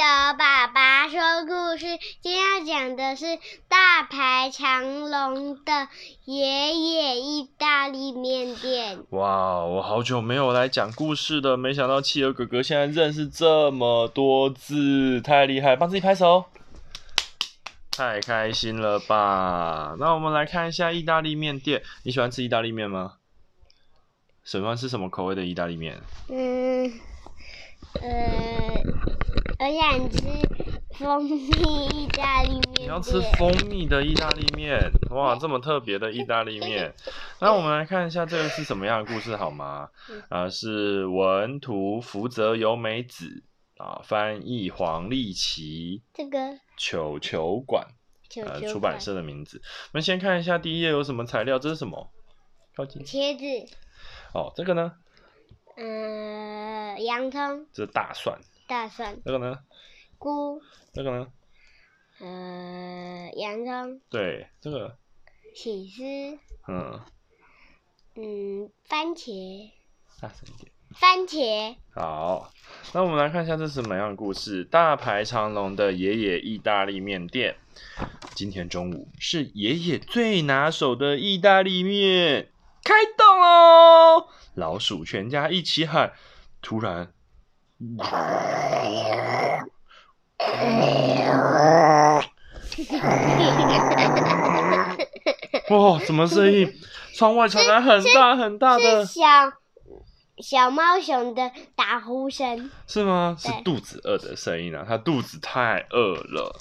小爸爸說故事，今天要講的是大排長龍的爺爺意大利麵店。哇，我好久沒有來講故事了，沒想到企鵝哥哥現在認識這麼多字，太厲害！幫自己拍手，太開心了吧？那我們來看一下意大利麵店。你喜歡吃意大利麵嗎？喜歡吃什麼口味的意大利麵？嗯。呃，我想吃蜂蜜意大利麵。你要吃蜂蜜的意大利麵？哇，這麼特別的意大利麵！ 那我們來看一下這個是什麼樣的故事好嗎？啊、呃，是文圖福澤由美子啊，翻譯黃麗琪。這個球球館，呃球球，出版社的名字。我們先看一下第一頁有什麼材料，這是什麼？靠近茄子。哦，這個呢？嗯、呃，洋蔥。這是大蒜。大蒜。這個呢？菇。這個呢？呃，洋蔥。對，這個。起司。嗯。嗯，番茄。大聲一點。番茄。好，那我們來看一下這是什麼樣的故事。大排長龍的爺爺意大利麵店，今天中午是爺爺最拿手的意大利麵。開動哦！老鼠全家一起喊。突然， 哇！什麼聲音？窗外傳來很大很大的。小貓熊的打呼聲是嗎？是肚子餓的聲音啊！它肚子太餓了，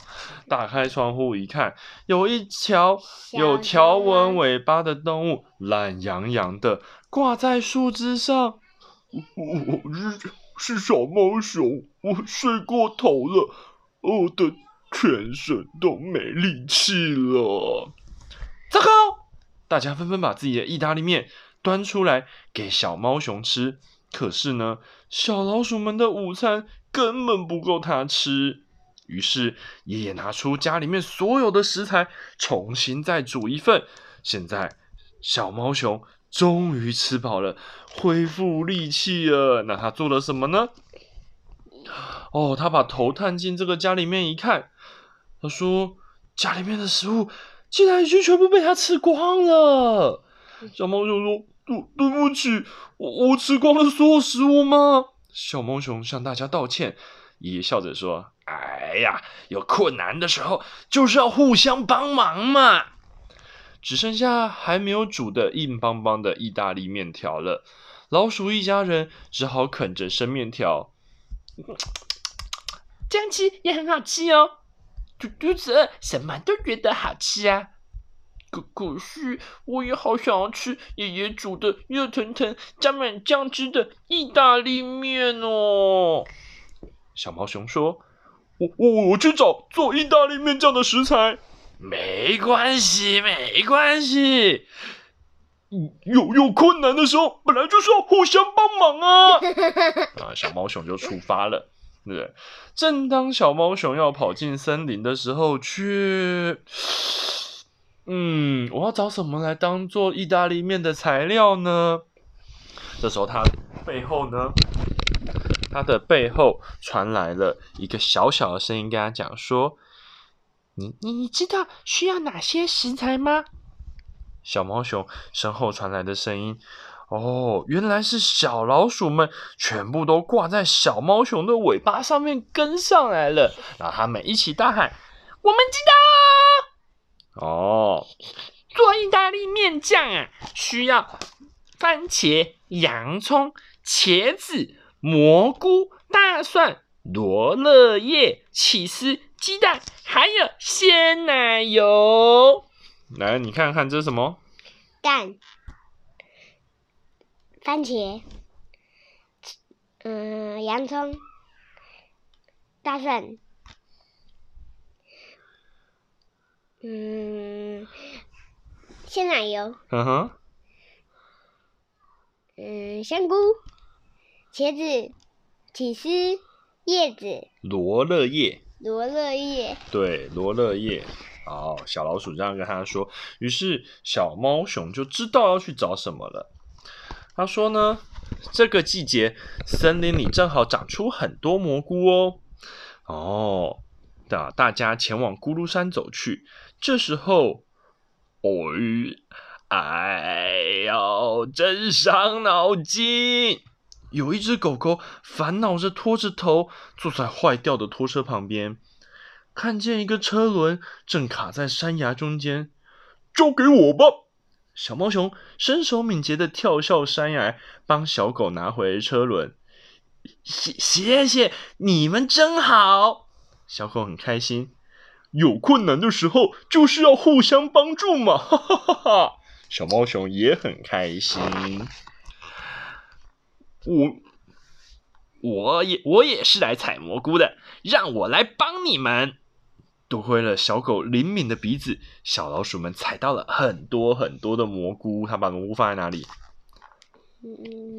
打開窗戶一看，有一條有條紋尾巴的動物懶洋洋的掛在樹枝上。我、哦、是，是小貓熊，我睡過頭了，餓得全身都沒力氣了。糟糕！大家紛紛把自己的義大利麵端出來給小貓熊吃，可是呢，小老鼠們的午餐根本不夠它吃。於是，爺爺拿出家裡面所有的食材，重新再煮一份。現在，小貓熊終於吃飽了，恢復力氣了。那它做了什麼呢？哦，它把頭探進這個家裡面一看，它說：“家裡面的食物竟然已經全部被它吃光了。”小貓熊說：“對對不起，我我吃光了所有食物嗎？”小貓熊向大家道歉。爺爺笑着說：“哎呀，有困難的時候就是要互相幫忙嘛。”只剩下還沒有煮的硬邦邦的意大利麵條了，老鼠一家人只好啃着生麵條。這樣吃也很好吃哦，肚肚子餓什麼都覺得好吃啊。可可是，我也好想要吃爺爺煮的熱騰騰、沾滿醬汁的意大利面哦。小毛熊說：“我我我，我去找做意大利面醬的食材。沒”沒關係，沒關係。有有困難的時候，本來就是要互相幫忙啊！啊， 小毛熊就出發了，對不對？正當小毛熊要跑進森林的時候，去。嗯，我要找什麼來當做意大利麵的材料呢？這時候，它背後呢，它的背後傳來了一個小小的聲音，跟他講說：“你你知道需要哪些食材嗎？”小貓熊身後傳來的聲音，哦，原來是小老鼠們全部都掛在小貓熊的尾巴上面跟上來了，然後他們一起大喊：“我們知道！”哦，做意大利麵醬啊，需要番茄、洋蔥、茄子、蘑菇、大蒜、羅勒葉、起司、雞蛋，還有鮮奶油。來，你看看這是什麼？蛋、番茄、嗯、呃，洋蔥、大蒜。嗯，鮮奶油。嗯哼。嗯，香菇、茄子、起司、葉子、羅勒葉。羅勒葉。對，羅勒葉。哦，小老鼠這樣跟他說。於是小貓熊就知道要去找什麼了。他說呢，這個季節森林裡正好長出很多蘑菇哦。哦，的，大家前往咕嚕山走去。這時候，哎，哎呦，真傷腦筋！有一只狗狗煩惱着，托著頭坐在壞掉的拖車旁邊，看見一個車輪正卡在山崖中間，交給我吧！小貓熊身手敏捷的跳下山崖，幫小狗拿回車輪。謝謝謝，你們真好！小狗很開心。有困難的時候就是要互相幫助嘛，哈哈哈哈，小貓熊也很開心。我，我也，我也是來採蘑菇的，讓我來幫你們。多虧了小狗靈敏的鼻子，小老鼠們採到了很多很多的蘑菇。它把蘑菇放在哪裡？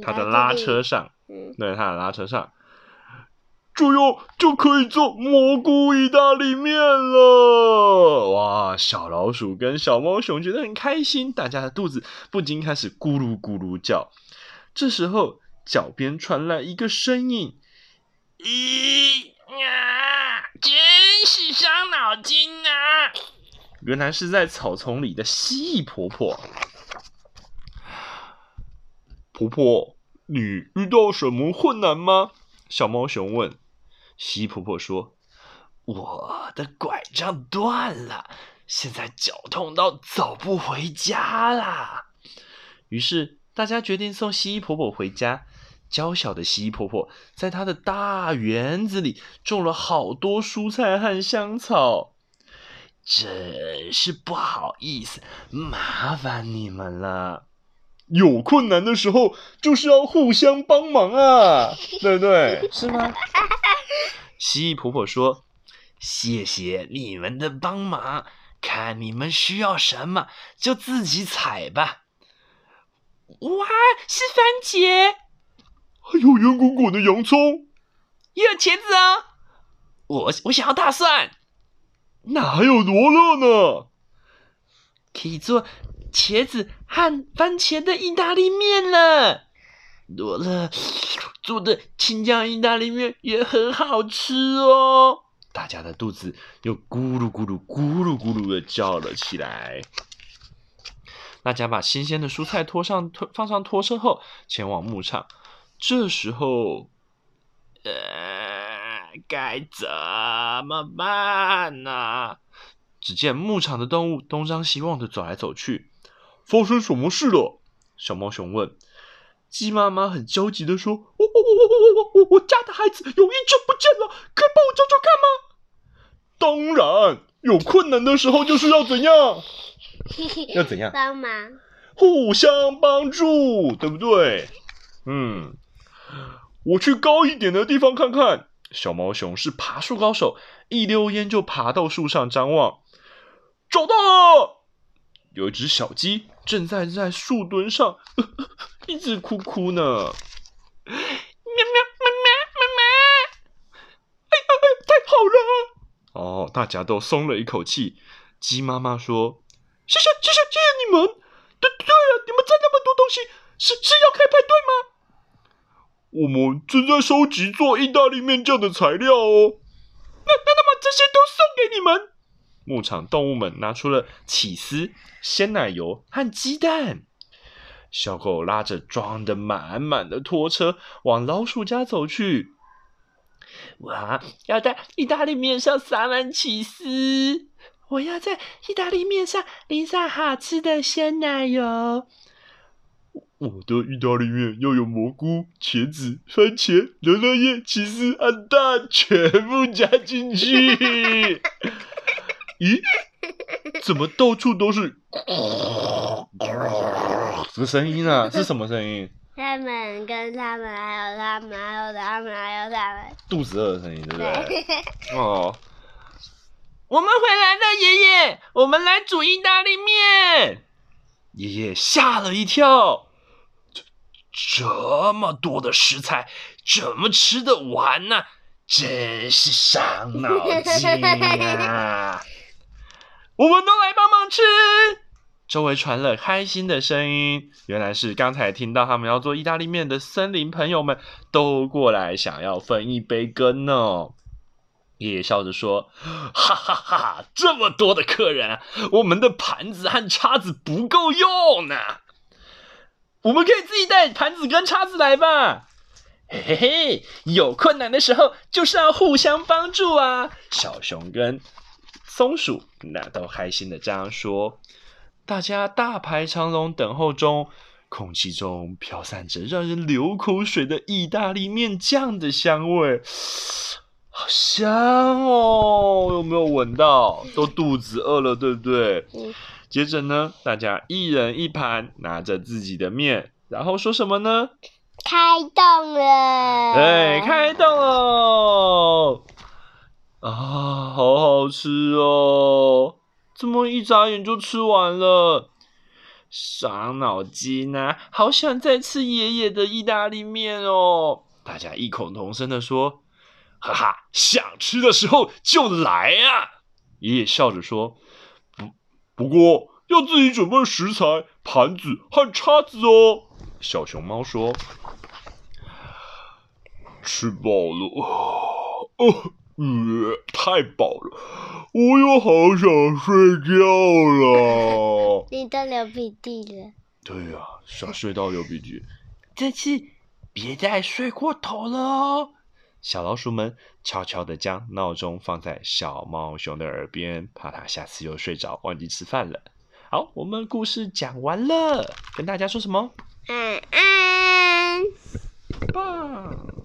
它的拉車上。對，它的拉車上。這樣就可以做蘑菇意大利麵了！哇，小老鼠跟小貓熊覺得很開心，大家的肚子不禁開始咕嚕咕嚕叫。這時候，腳邊傳來一個聲音：“咦，啊，真是傷腦筋啊！”原來是在草叢裡的蜥蜴婆婆。婆婆，你遇到什麼困難嗎？小貓熊問：“蜥蜴婆婆說，我的拐杖斷了，現在腳痛到走不回家啦。”於是大家決定送蜥蜴婆婆回家。嬌小的蜥蜴婆婆在她的大園子裡種了好多蔬菜和香草，真是不好意思，麻煩你們了。有困難的時候，就是要互相幫忙啊！對不對，是嗎？蜥 蜴婆婆說：“謝謝你們的幫忙，看你們需要什麼，就自己採吧。”哇，是番茄，還有圓滾滾的洋蔥，也有茄子啊，哦！我我想要大蒜，那還有羅勒呢，可以做。茄子和番茄的意大利麵了，羅勒做的青醬意大利麵也很好吃哦。大家的肚子又咕嚕咕嚕咕嚕咕嚕的叫了起來。大家把新鮮的蔬菜拖上拖放上拖車後，前往牧場。這時候，呃，該怎麼辦呢？只見牧場的動物東張西望的走來走去。發生什麼事了？小貓熊問。雞媽媽很焦急的說：“我我我我我我我我家的孩子有一隻不見了，可以幫我找找看嗎？”當然，有困難的時候就是要怎樣？ 要怎樣？幫忙。互相幫助，對不對？嗯，我去高一點的地方看看。小貓熊是爬樹高手，一溜煙就爬到樹上張望。找到了。有一隻小雞正在在樹墩上呵呵一直哭哭呢，喵喵喵喵喵喵！哎呀、哎，哎，太好了！哦，大家都鬆了一口氣。雞媽媽說：“謝謝，謝謝，謝謝你們！對對了、啊，你們帶那麼多東西，是是要開派對嗎？”我們正在收集做意大利麵醬的材料哦。那那那，把這些都送給你們。牧場動物們拿出了起司、鮮奶油和雞蛋，小狗拉着裝的滿滿的拖車往老鼠家走去。哇！要在意大利麵上撒滿起司，我要在意大利麵上淋上好吃的鮮奶油。我的意大利麵要有蘑菇、茄子、番茄、羅勒葉、起司和蛋，全部加進去。 咦？怎麼到處都是、呃呃呃？什麼聲音啊？是什麼聲音？他們跟他們，還有他們，還有他們，還有他們。肚子餓的聲音，對不對？哦，我們回來了，爺爺，我們來煮意大利麵。爺爺嚇了一跳，這這麼多的食材，怎麼吃得完呢？真是傷腦筋啊！ 我們都來幫忙吃，周圍傳了開心的聲音。原來是剛才聽到他們要做意大利面的森林朋友們都過來，想要分一杯羹呢、哦。爺爺笑着說：“哈哈哈哈，這麼多的客人啊，我們的盤子和叉子不夠用呢。我們可以自己帶盤子跟叉子來吧。”嘿嘿，有困難的時候就是要互相幫助啊。小熊跟。松鼠那都開心的這樣說：“大家大排長龍等候中，空氣中飄散着讓人流口水的意大利麵醬的香味，好香哦！有沒有聞到？都肚子餓了，對不對？”接着呢，大家一人一盤，拿着自己的麵，然後說什麼呢？開動了！對，開動了！啊，好好吃哦！怎麼一眨眼就吃完了？傷腦筋啊，好想再吃爺爺的意大利麵哦！大家異口同聲的說：“哈哈，想吃的時候就來啊！”爺爺笑着說：“不，不過要自己準備食材、盤子和叉子哦。”小熊貓說：“吃飽了，哦、呃。”嗯、太飽了，我又好想睡覺了。 你都流鼻涕了。對呀、啊，想睡到流鼻涕。這次別再睡過頭了哦。小老鼠們悄悄地將鬧鐘放在小貓熊的耳邊，怕它下次又睡着忘記吃飯了。好，我們故事講完了，跟大家說什麼？晚、嗯、安。棒、嗯。爸